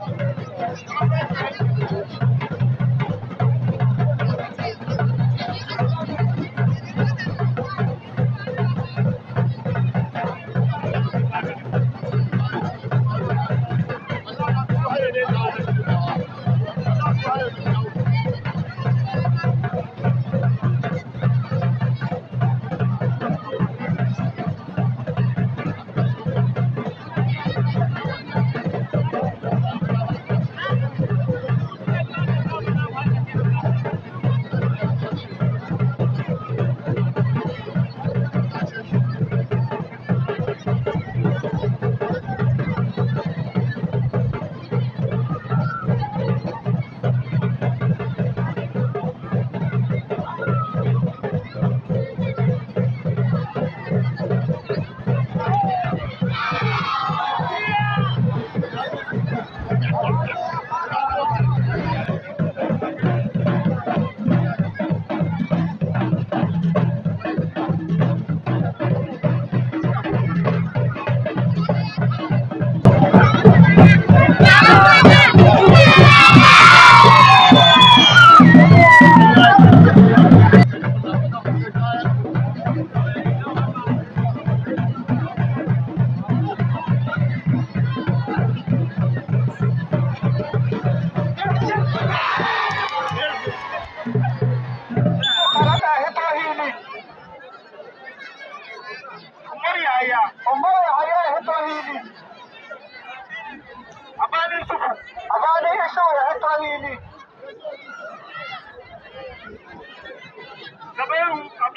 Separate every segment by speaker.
Speaker 1: Je suis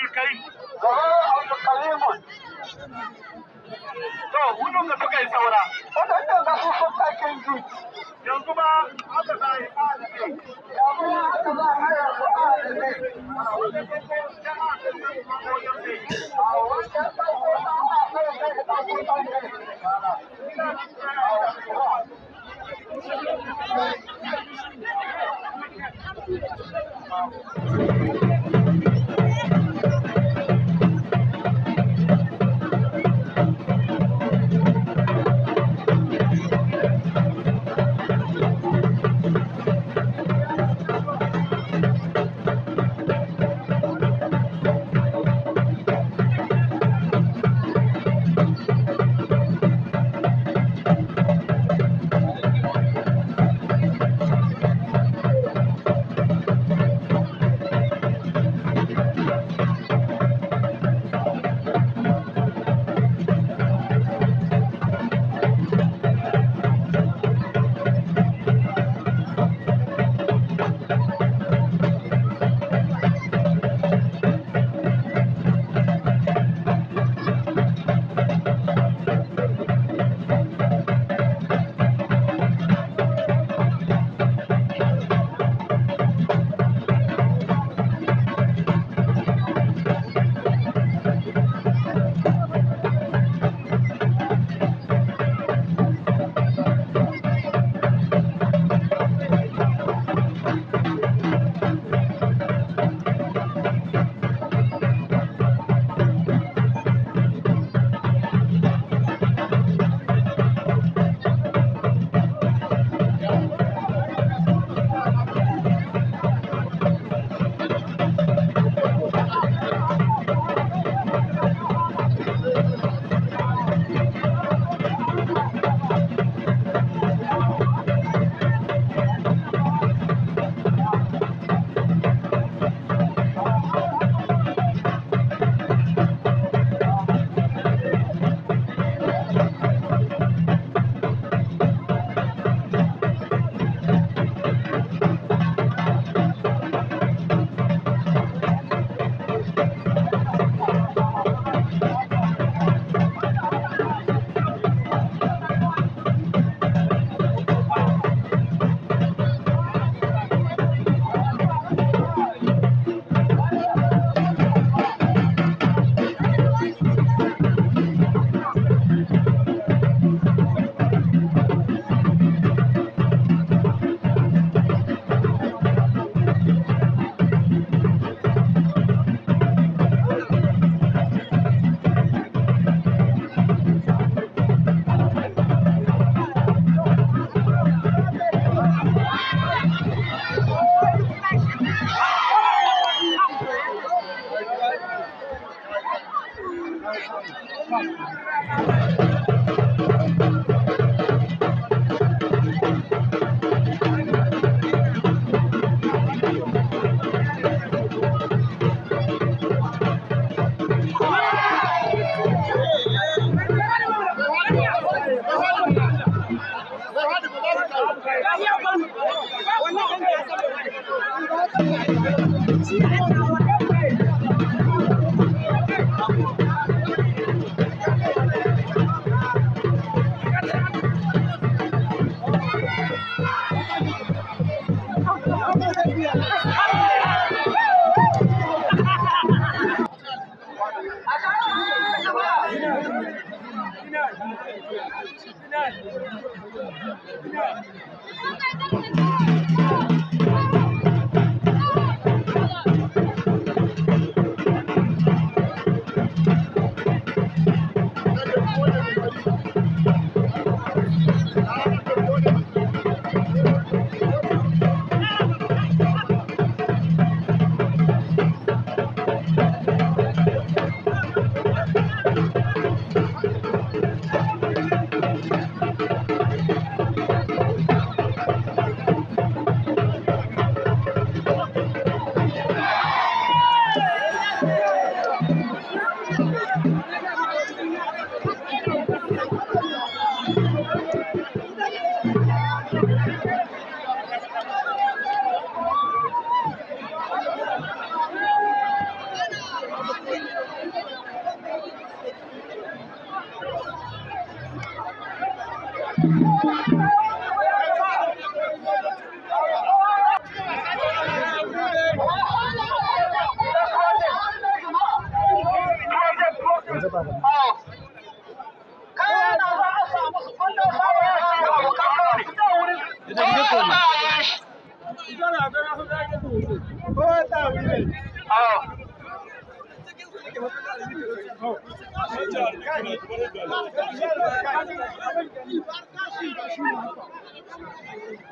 Speaker 1: faɗi kai gaba to hudun da suka yi saura waɗanda za su sun takin ji yanzu ba haka za yi ne. yanzu aka za a haya su adalai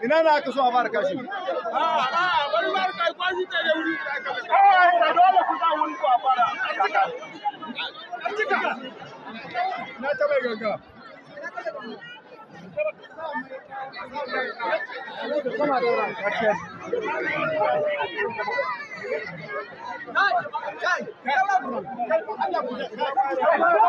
Speaker 1: ina na aka so a fara kashi ah, ah, bari kwashi ta da wuri ah, da dole ku za wuri ku a fara a cika na gaggawa Come on,